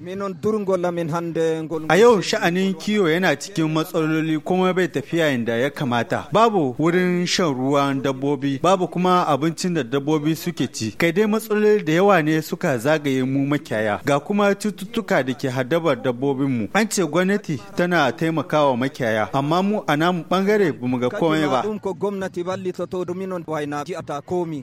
A yau sha'anin kiwo yana cikin matsaloli kuma bai tafiya inda ya kamata. Babu wurin shan ruwan dabbobi, babu kuma abincin da dabbobi suke ci. Kai dai matsaloli da yawa ne suka zagaye mu makiyaya. Ga kuma cututtuka da ke haddabar dabbobinmu. An ce gwamnati tana taimakawa makiyaya, amma mu a namu bangare bamu ga komai ba.